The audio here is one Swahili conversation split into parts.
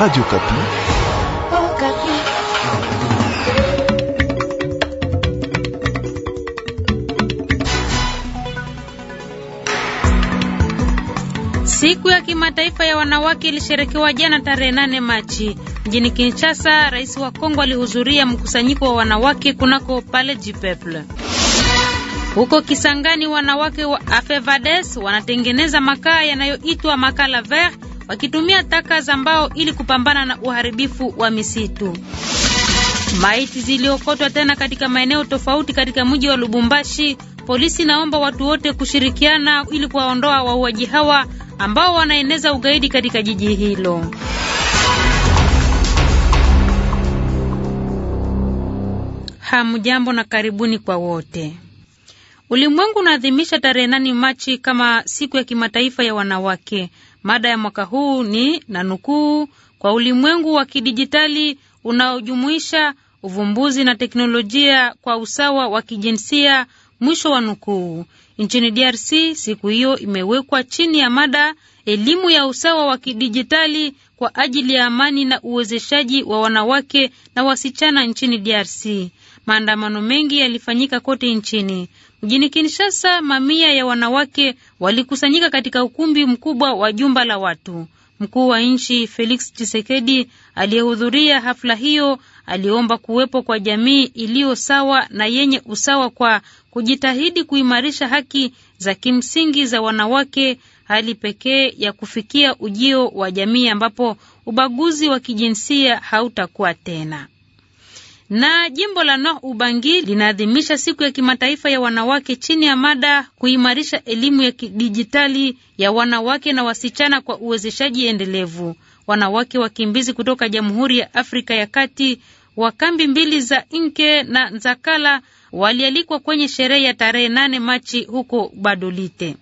Radio Okapi. Siku ya kimataifa ya wanawake ilisherekewa jana tarehe 8 Machi. Mjini Kinshasa, Rais wa Kongo alihudhuria mkusanyiko wa wanawake kunako pale Jipeple. Huko Kisangani, wanawake wa Afevades wanatengeneza makaa yanayoitwa makala vert wakitumia taka za mbao ili kupambana na uharibifu wa misitu. Maiti ziliokotwa tena katika maeneo tofauti katika mji wa Lubumbashi. Polisi naomba watu wote kushirikiana ili kuwaondoa wauaji hawa ambao wanaeneza ugaidi katika jiji hilo. Hamjambo na karibuni kwa wote. Ulimwengu unaadhimisha tarehe nane Machi kama siku ya kimataifa ya wanawake. Mada ya mwaka huu ni na nukuu, kwa ulimwengu wa kidijitali unaojumuisha uvumbuzi na teknolojia kwa usawa wa kijinsia, mwisho wa nukuu. Nchini DRC siku hiyo imewekwa chini ya mada elimu ya usawa wa kidijitali kwa ajili ya amani na uwezeshaji wa wanawake na wasichana nchini DRC. Maandamano mengi yalifanyika kote nchini. Mjini Kinshasa, mamia ya wanawake walikusanyika katika ukumbi mkubwa wa jumba la watu. Mkuu wa nchi Felix Tshisekedi aliyehudhuria hafla hiyo aliomba kuwepo kwa jamii iliyo sawa na yenye usawa kwa kujitahidi kuimarisha haki za kimsingi za wanawake, hali pekee ya kufikia ujio wa jamii ambapo ubaguzi wa kijinsia hautakuwa tena. Na jimbo la Nord Ubangi linaadhimisha siku ya kimataifa ya wanawake chini ya mada kuimarisha elimu ya kidijitali ya wanawake na wasichana kwa uwezeshaji endelevu. Wanawake wakimbizi kutoka Jamhuri ya Afrika ya Kati wa kambi mbili za Inke na Nzakala walialikwa kwenye sherehe ya tarehe 8 Machi huko Badolite.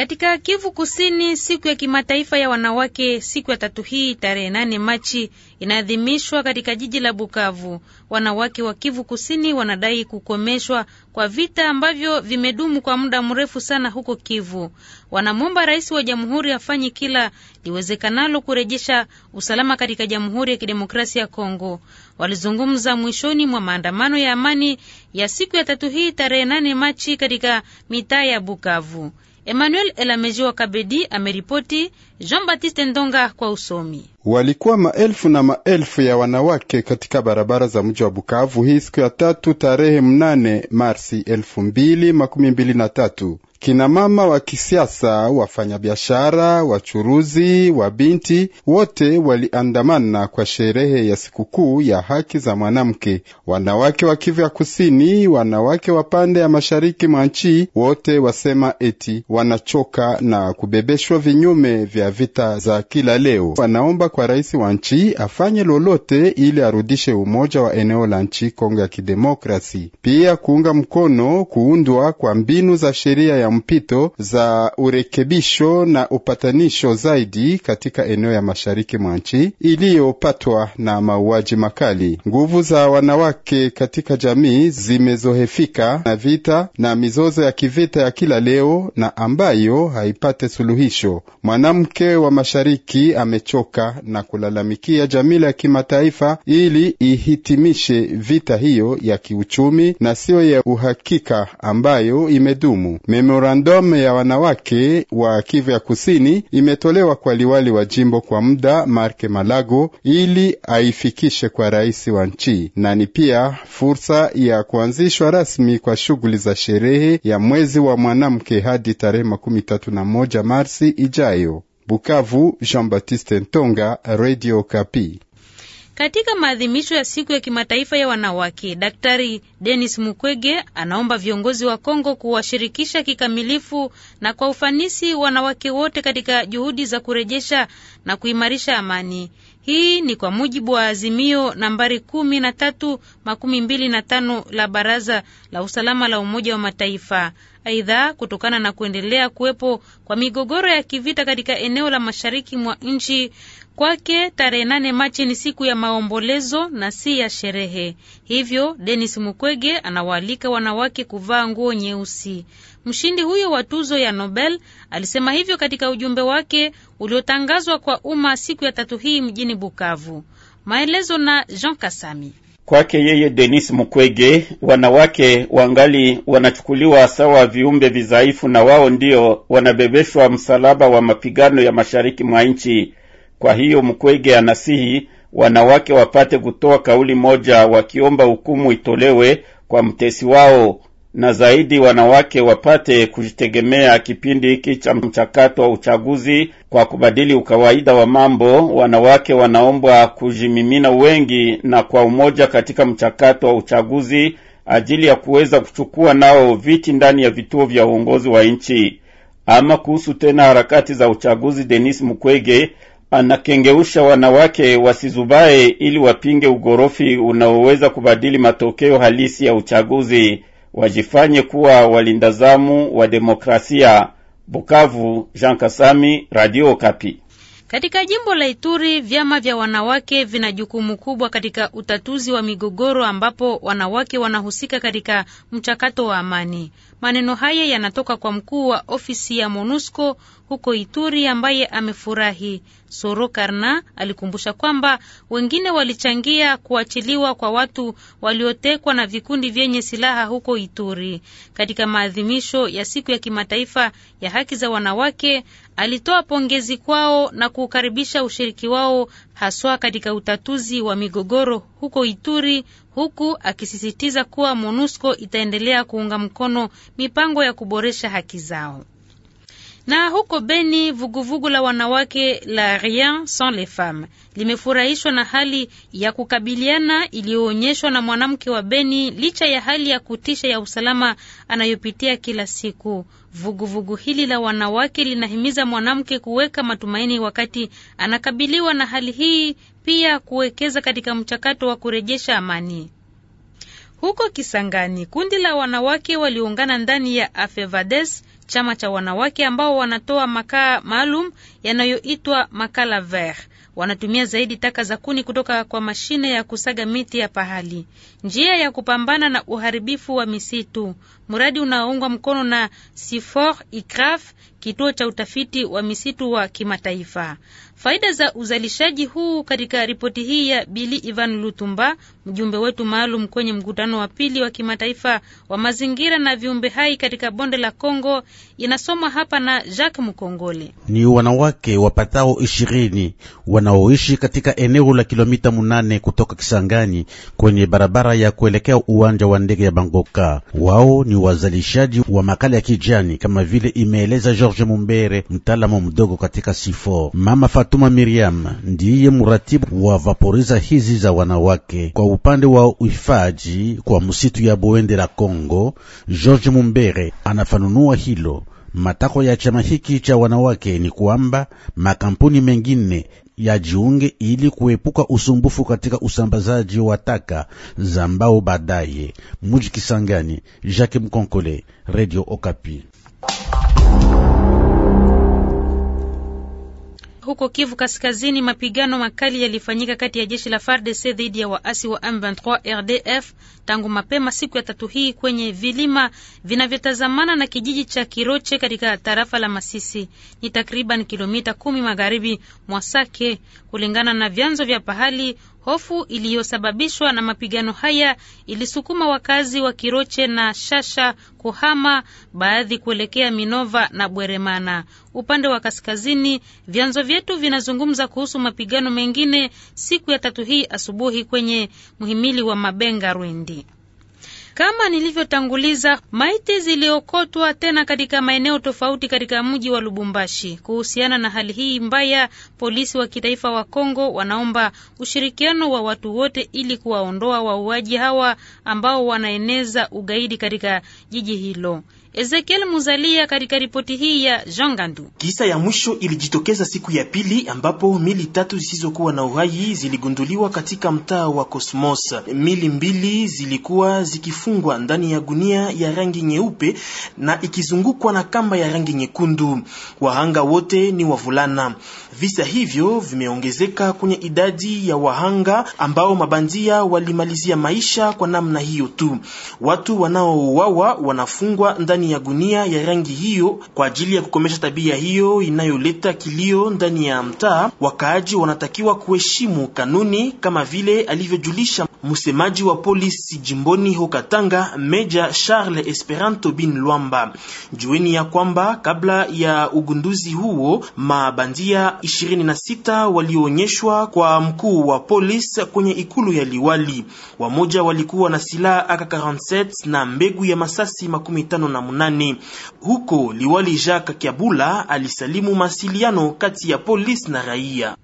Katika Kivu Kusini, siku ya kimataifa ya wanawake, siku ya tatu hii tarehe nane Machi, inaadhimishwa katika jiji la Bukavu. Wanawake wa Kivu Kusini wanadai kukomeshwa kwa vita ambavyo vimedumu kwa muda mrefu sana huko Kivu. Wanamwomba rais wa jamhuri afanye kila liwezekanalo kurejesha usalama katika Jamhuri ya Kidemokrasia ya Kongo. Walizungumza mwishoni mwa maandamano ya amani ya siku ya tatu hii tarehe nane Machi katika mitaa ya Bukavu. Emmanuel Elamejiwa Kabedi ameripoti. Jean Baptiste Ndonga kwa usomi. Walikuwa maelfu na maelfu ya wanawake katika barabara za mji wa Bukavu hii siku ya tatu tarehe mnane Marsi elfu mbili makumi mbili na tatu kina mama wa kisiasa, wafanyabiashara, wachuruzi, wabinti wote waliandamana kwa sherehe ya sikukuu ya haki za mwanamke. Wanawake wa Kivu ya Kusini, wanawake wa pande ya mashariki mwa nchi, wote wasema eti wanachoka na kubebeshwa vinyume vya vita za kila leo. Wanaomba kwa rais wa nchi afanye lolote ili arudishe umoja wa eneo la nchi Kongo ya Kidemokrasi, pia kuunga mkono kuundwa kwa mbinu za sheria ya mpito za urekebisho na upatanisho zaidi katika eneo ya mashariki mwa nchi iliyopatwa na mauaji makali. Nguvu za wanawake katika jamii zimezohefika na vita na mizozo ya kivita ya kila leo na ambayo haipate suluhisho. Mwanamke wa mashariki amechoka na kulalamikia jamii ya kimataifa ili ihitimishe vita hiyo ya kiuchumi na siyo ya uhakika ambayo imedumu Memo memorandum ya wanawake wa Kivu ya Kusini imetolewa kwa liwali wa jimbo kwa muda Marke Malago ili aifikishe kwa rais wa nchi, na ni pia fursa ya kuanzishwa rasmi kwa shughuli za sherehe ya mwezi wa mwanamke hadi tarehe makumi tatu na moja Marsi ijayo. Bukavu, Jean Baptiste Ntonga, Radio Kapi. Katika maadhimisho ya siku ya kimataifa ya wanawake, Daktari Denis Mukwege anaomba viongozi wa Kongo kuwashirikisha kikamilifu na kwa ufanisi wanawake wote katika juhudi za kurejesha na kuimarisha amani. Hii ni kwa mujibu wa azimio nambari kumi na tatu makumi mbili na tano la Baraza la Usalama la Umoja wa Mataifa. Aidha, kutokana na kuendelea kuwepo kwa migogoro ya kivita katika eneo la mashariki mwa nchi, kwake tarehe nane Machi ni siku ya maombolezo na si ya sherehe. Hivyo Denis Mukwege anawaalika wanawake kuvaa nguo nyeusi. Mshindi huyo wa tuzo ya Nobel alisema hivyo katika ujumbe wake uliotangazwa kwa umma siku ya tatu hii mjini Bukavu. Maelezo na Jean Kasami. Kwake yeye Denis Mukwege, wanawake wangali wanachukuliwa sawa viumbe vizaifu, na wao ndio wanabebeshwa msalaba wa mapigano ya mashariki mwa nchi. Kwa hiyo Mukwege anasihi wanawake wapate kutoa kauli moja, wakiomba hukumu itolewe kwa mtesi wao na zaidi wanawake wapate kujitegemea kipindi hiki cha mchakato wa uchaguzi. Kwa kubadili ukawaida wa mambo, wanawake wanaombwa kujimimina wengi na kwa umoja katika mchakato wa uchaguzi ajili ya kuweza kuchukua nao viti ndani ya vituo vya uongozi wa nchi. Ama kuhusu tena harakati za uchaguzi, Denis Mukwege anakengeusha wanawake wasizubae ili wapinge ugorofi unaoweza kubadili matokeo halisi ya uchaguzi wajifanye kuwa walindazamu wa demokrasia. Bukavu, Jean Kasami, Radio Kapi. Katika jimbo la Ituri vyama vya wanawake vina jukumu kubwa katika utatuzi wa migogoro ambapo wanawake wanahusika katika mchakato wa amani. Maneno haya yanatoka kwa mkuu wa ofisi ya MONUSCO huko Ituri ambaye amefurahi. Soro Karna alikumbusha kwamba wengine walichangia kuachiliwa kwa watu waliotekwa na vikundi vyenye silaha huko Ituri. Katika maadhimisho ya siku ya kimataifa ya haki za wanawake, alitoa pongezi kwao na kukaribisha ushiriki wao haswa katika utatuzi wa migogoro huko Ituri, huku akisisitiza kuwa MONUSCO itaendelea kuunga mkono mipango ya kuboresha haki zao. Na huko Beni, vuguvugu la wanawake la Rien sans les femmes limefurahishwa na hali ya kukabiliana iliyoonyeshwa na mwanamke wa Beni licha ya hali ya kutisha ya usalama anayopitia kila siku. Vuguvugu vugu hili la wanawake linahimiza mwanamke kuweka matumaini wakati anakabiliwa na hali hii, pia kuwekeza katika mchakato wa kurejesha amani. Huko Kisangani, kundi la wanawake waliungana ndani ya Afevades chama cha wanawake ambao wanatoa makaa maalum yanayoitwa makala ver. Wanatumia zaidi taka za kuni kutoka kwa mashine ya kusaga miti ya pahali, njia ya kupambana na uharibifu wa misitu mradi unaoungwa mkono na Sifor Ikraf, kituo cha utafiti wa misitu wa kimataifa. Faida za uzalishaji huu katika ripoti hii ya Bili Ivan Lutumba, mjumbe wetu maalum kwenye mkutano wa pili wa kimataifa wa mazingira na viumbe hai katika bonde la Kongo, inasomwa hapa na Jacques Mkongole. Ni wanawake wapatao ishirini wanaoishi katika eneo la kilomita munane kutoka Kisangani kwenye barabara ya kuelekea uwanja wa ndege ya Bangoka. Wao ni wazalishaji wa makala ya kijani, kama vile imeeleza George Mumbere, mtaalamu mdogo katika Sifor. Mama Fatuma Miriam ndiye mratibu wa vaporiza hizi za wanawake kwa upande wa uhifadhi kwa msitu ya Bwende la Kongo. George Mumbere anafanunua hilo Matako ya chama hiki cha wanawake ni kwamba makampuni mengine yajiunge ili kuepuka usumbufu katika usambazaji wa taka za mbao baadaye. Muji Kisangani, Jacques Mkonkole, Radio Okapi. Huko Kivu Kaskazini, mapigano makali yalifanyika kati ya jeshi la FARDC dhidi ya waasi wa M23 RDF tangu mapema siku ya tatu hii kwenye vilima vinavyotazamana na kijiji cha Kiroche katika tarafa la Masisi. Ni takriban kilomita kumi magharibi mwa Sake, kulingana na vyanzo vya pahali Hofu iliyosababishwa na mapigano haya ilisukuma wakazi wa Kiroche na Shasha kuhama, baadhi kuelekea Minova na Bweremana upande wa kaskazini. Vyanzo vyetu vinazungumza kuhusu mapigano mengine siku ya tatu hii asubuhi kwenye mhimili wa Mabenga Rwendi. Kama nilivyotanguliza, maiti ziliokotwa tena katika maeneo tofauti katika mji wa Lubumbashi. Kuhusiana na hali hii mbaya, polisi wa kitaifa wa Kongo wanaomba ushirikiano wa watu wote ili kuwaondoa wauaji hawa ambao wanaeneza ugaidi katika jiji hilo. Ezekiel Muzalia katika ripoti hii ya Jean Gandu. Kisa ya mwisho ilijitokeza siku ya pili ambapo mili tatu zisizokuwa na uhai ziligunduliwa katika mtaa wa Kosmos. Mili mbili zilikuwa zikifu imefungwa ndani ya gunia ya rangi nyeupe na ikizungukwa na kamba ya rangi nyekundu. Wahanga wote ni wavulana. Visa hivyo vimeongezeka kwenye idadi ya wahanga ambao mabandia walimalizia maisha kwa namna hiyo tu. Watu wanaouawa wanafungwa ndani ya gunia ya rangi hiyo. Kwa ajili ya kukomesha tabia hiyo inayoleta kilio ndani ya mtaa, wakaaji wanatakiwa kuheshimu kanuni, kama vile alivyojulisha msemaji wa polisi jimboni Hokatanga, Meja Charles Esperanto Bin Lwamba. Jueni ya kwamba kabla ya ugunduzi huo mabandia 26 walioonyeshwa kwa mkuu wa polisi kwenye ikulu ya liwali. Wamoja walikuwa na silaha AK47 na mbegu ya masasi makumi tano na munane. Huko liwali Jacques Kiabula alisalimu masiliano kati ya polisi na raia.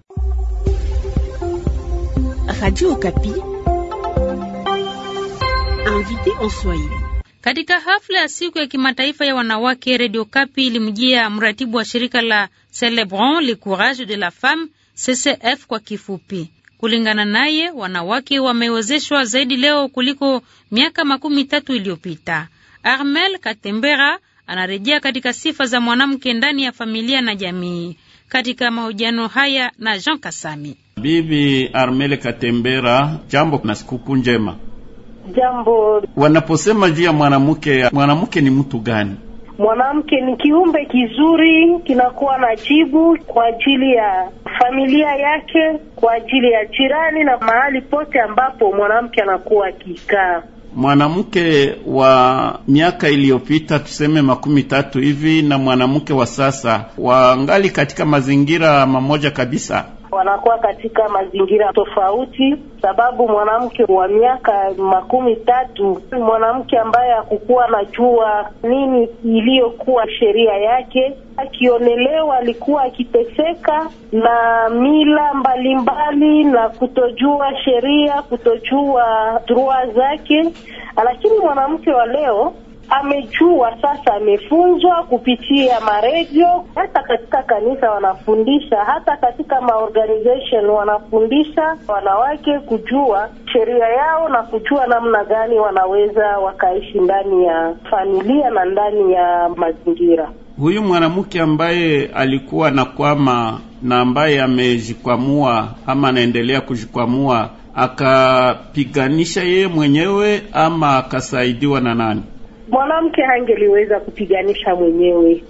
Radio Kapi, invité en Swahili katika hafla ya siku ya kimataifa ya wanawake, Radio Kapi ilimjia mratibu wa shirika la Celebrons le Courage de la Femme, CCF kwa kifupi. Kulingana naye, wanawake wamewezeshwa zaidi leo kuliko miaka makumi tatu iliyopita. Armel Katembera anarejea katika sifa za mwanamke ndani ya familia na jamii katika mahojiano haya na Jean Kasami. Bibi Armel Katembera, jambo na sikukuu njema. Jambo. Wanaposema juu ya mwanamke, mwanamke ni mtu gani? Mwanamke ni kiumbe kizuri, kinakuwa na jibu kwa ajili ya familia yake, kwa ajili ya jirani na mahali pote ambapo mwanamke anakuwa akikaa. Mwanamke wa miaka iliyopita tuseme makumi tatu hivi na mwanamke wa sasa wangali katika mazingira mamoja kabisa? wanakuwa katika mazingira tofauti, sababu mwanamke wa miaka makumi tatu mwanamke ambaye hakukuwa anajua nini iliyokuwa sheria yake, akionelewa alikuwa akiteseka na mila mbalimbali mbali, na kutojua sheria, kutojua droit zake, lakini mwanamke wa leo amejua sasa, amefunzwa kupitia maredio, hata katika kanisa wanafundisha, hata katika maorganization wanafundisha wanawake kujua sheria yao na kujua namna gani wanaweza wakaishi ndani ya familia na ndani ya mazingira. Huyu mwanamke ambaye alikuwa na kwama na ambaye amejikwamua ama anaendelea kujikwamua, akapiganisha yeye mwenyewe ama akasaidiwa na nani? mwanamke hangeliweza kupiganisha mwenyewe,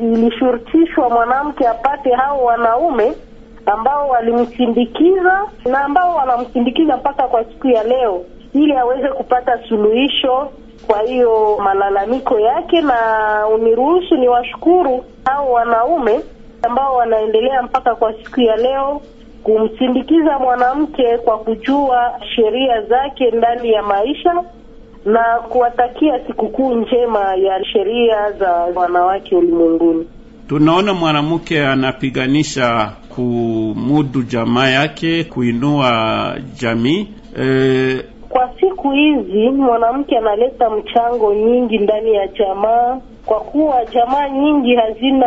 ilishurutishwa mwanamke apate hao wanaume ambao walimsindikiza na ambao wanamsindikiza mpaka kwa siku ya leo, ili aweze kupata suluhisho kwa hiyo malalamiko yake. Na uniruhusu ni washukuru hao wanaume ambao wanaendelea mpaka kwa siku ya leo kumsindikiza mwanamke kwa kujua sheria zake ndani ya maisha na kuwatakia sikukuu njema ya sheria za wanawake ulimwenguni. Tunaona mwanamke anapiganisha kumudu jamaa yake, kuinua jamii e... Kwa siku hizi mwanamke analeta mchango nyingi ndani ya jamaa, kwa kuwa jamaa nyingi hazina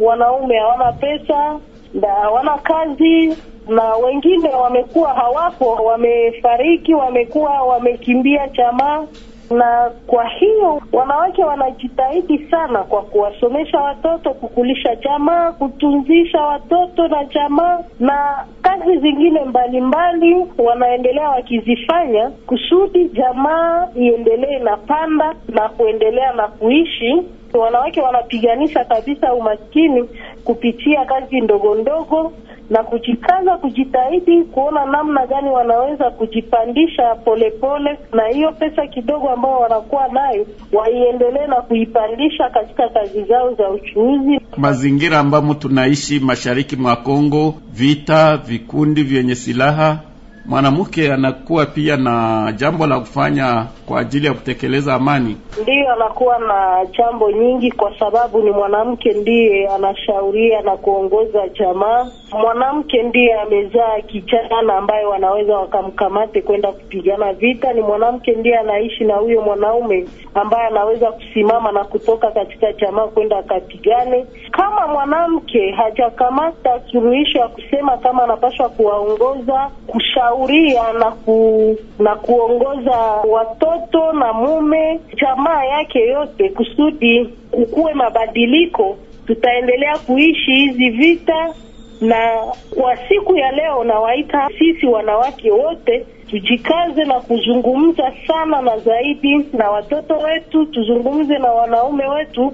wanaume, hawana pesa na hawana kazi na wengine wamekuwa hawapo, wamefariki, wamekuwa wamekimbia jamaa na kwa hiyo wanawake wanajitahidi sana kwa kuwasomesha watoto, kukulisha jamaa, kutunzisha watoto na jamaa, na kazi zingine mbalimbali mbali, wanaendelea wakizifanya kusudi jamaa iendelee na panda na kuendelea na kuishi. Wanawake wanapiganisha kabisa umaskini kupitia kazi ndogo ndogo na kujikaza kujitahidi kuona namna gani wanaweza kujipandisha polepole pole, na hiyo pesa kidogo ambao wanakuwa nayo waiendelee na kuipandisha katika kazi zao za uchuuzi. Mazingira ambamo tunaishi mashariki mwa Kongo, vita, vikundi vyenye silaha mwanamke anakuwa pia na jambo la kufanya kwa ajili ya kutekeleza amani. Ndiyo, anakuwa na jambo nyingi, kwa sababu ni mwanamke ndiye anashauria na kuongoza jamaa. Mwanamke ndiye amezaa kijana ambaye wanaweza wakamkamate kwenda kupigana vita. Ni mwanamke ndiye anaishi na huyo mwanaume ambaye anaweza kusimama na kutoka katika jamaa kwenda akapigane. Kama mwanamke hajakamata suluhisho ya kusema kama anapaswa kuwaongoza kusha kushauria na, ku, na kuongoza watoto na mume jamaa yake yote, kusudi kukuwe mabadiliko. Tutaendelea kuishi hizi vita, na kwa siku ya leo nawaita sisi wanawake wote tujikaze na kuzungumza sana na zaidi na watoto wetu, tuzungumze na wanaume wetu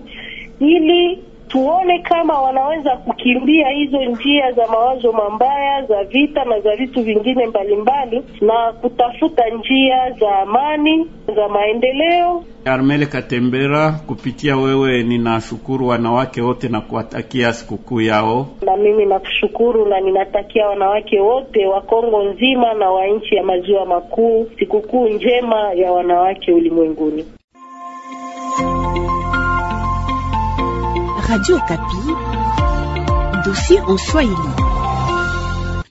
ili tuone kama wanaweza kukimbia hizo njia za mawazo mabaya za vita na za vitu vingine mbalimbali mbali, na kutafuta njia za amani za maendeleo. Armel Katembera, kupitia wewe ninashukuru wanawake wote na kuwatakia sikukuu yao. Na mimi nakushukuru na ninatakia wanawake wote wa Kongo nzima na wa nchi ya maziwa makuu sikukuu njema ya wanawake ulimwenguni. Radio Kapi, dossier en Swahili.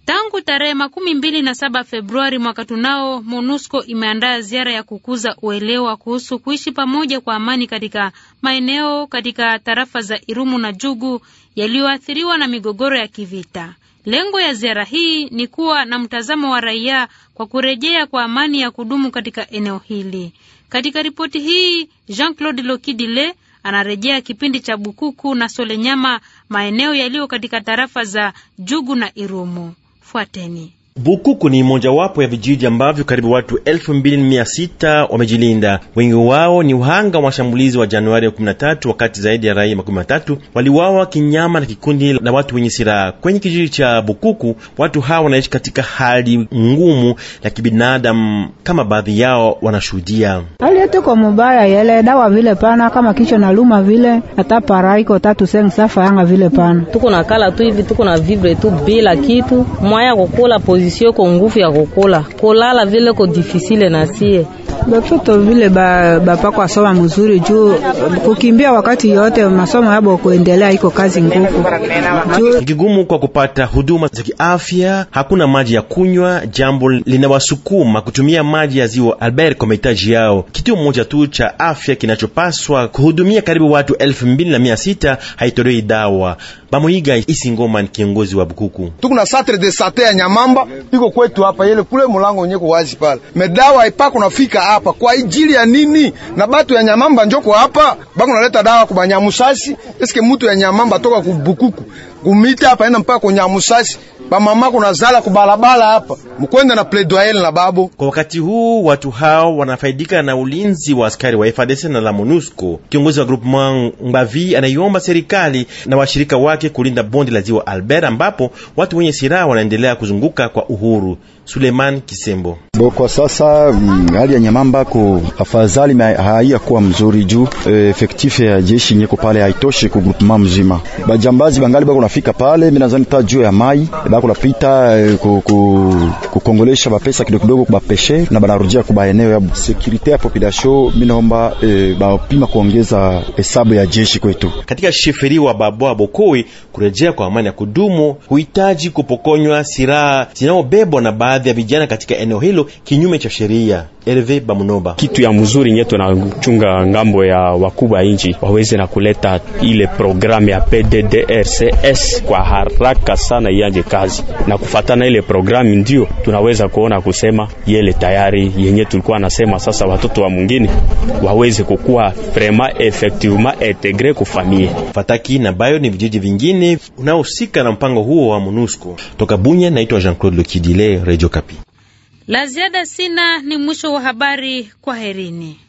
Tangu tarehe makumi mbili na saba Februari mwaka tunao, MONUSCO imeandaa ziara ya kukuza uelewa kuhusu kuishi pamoja kwa amani katika maeneo katika tarafa za Irumu na Jugu yaliyoathiriwa na migogoro ya kivita. Lengo ya ziara hii ni kuwa na mtazamo wa raia kwa kurejea kwa amani ya kudumu katika eneo hili. Katika ripoti hii Jean-Claude Lokidile anarejea kipindi cha Bukuku na Solenyama, maeneo yaliyo katika tarafa za Jugu na Irumu. Fuateni. Bukuku ni mojawapo ya vijiji ambavyo karibu watu 2600 wamejilinda. Wengi wao ni uhanga wa mashambulizi wa Januari 13 wakati zaidi ya raia 13 waliuawa kinyama na kikundi la watu wenye silaha kwenye kijiji cha Bukuku. Watu hawa wanaishi katika hali ngumu ya kibinadamu, kama baadhi yao wanashuhudia. Hali yetu kwa mubaya, yele dawa vile pana kama kicho na luma vile hata paraiko tatu seng safa yanga vile pana, tuko na kala tu hivi, tuko na vibre tu bila kitu mwaya kukula pozi position ko nguvu ya kukula kolala vile ko difficile na sie batoto vile bapakwa ba soma mzuri juu kukimbia wakati yote masomo yabo kuendelea iko kazi ngufu kigumu kwa kupata huduma za kiafya, hakuna maji ya kunywa, jambo linawasukuma kutumia maji ya ziwa Albert kwa mahitaji yao. Kituo mmoja tu cha afya kinachopaswa kuhudumia karibu watu elfu mbili na mia sita dawa Bamuiga Isingoma ni kiongozi wa Bukuku. Tuko na centre de santé ya Nyamamba iko kwetu hapa, yele kule mulango nyeko wazi pale. Medawa ipako nafika hapa kwa ajili ya nini? Na batu ya Nyamamba njoko hapa, bako naleta dawa kwa Banyamusasi. Eske ya Nyamamba toka ku Bukuku kumita hapa ina mpaka mama kuna zala kubalabala hapa mkwenda na pledoyer na babo. Kwa wakati huu watu hao wanafaidika na ulinzi wa askari wa fdc na la MONUSCO. Kiongozi wa groupement Ngbavi anaiomba serikali na washirika wake kulinda bonde la ziwa Albert ambapo watu wenye silaha wanaendelea kuzunguka kwa uhuru. Suleiman Kisembo. Kwa sasa mm, hali ya Nyamamba ko afadhali haiya kuwa mzuri juu e, efektif ya jeshi nyeko pale haitoshi ku groupement mzima. Bajambazi bangali bako nafika pale, mimi nadhani ta juu ya mai bako napita e, ku, ku, ku kongolesha bapesa kidogo kidogo kubapeshe na banarudia kuba eneo ya security ya population. Mimi naomba e, bapima kuongeza hesabu ya jeshi kwetu katika sheferi wa Babwa Bokoi. Kurejea kwa amani ya kudumu huhitaji kupokonywa silaha zinazobebwa na baadhi baadhi ya vijana katika eneo hilo kinyume cha sheria. Herve Bamunoba: kitu ya mzuri nyeto tunachunga ngambo ya wakubwa inji waweze na kuleta ile programu ya PDDRCS kwa haraka sana, ianje kazi na kufatana ile programu, ndio tunaweza kuona kusema yele tayari yenye tulikuwa nasema sasa watoto wa mwingine waweze kukua vraiment effectivement integre kufamie Fataki na bayo ni vijiji vingine unaohusika na mpango huo wa MONUSCO. Toka Bunya, naitwa Jean-Claude Lukidile, Radio Okapi. La ziada sina, ni mwisho wa habari. Kwaherini.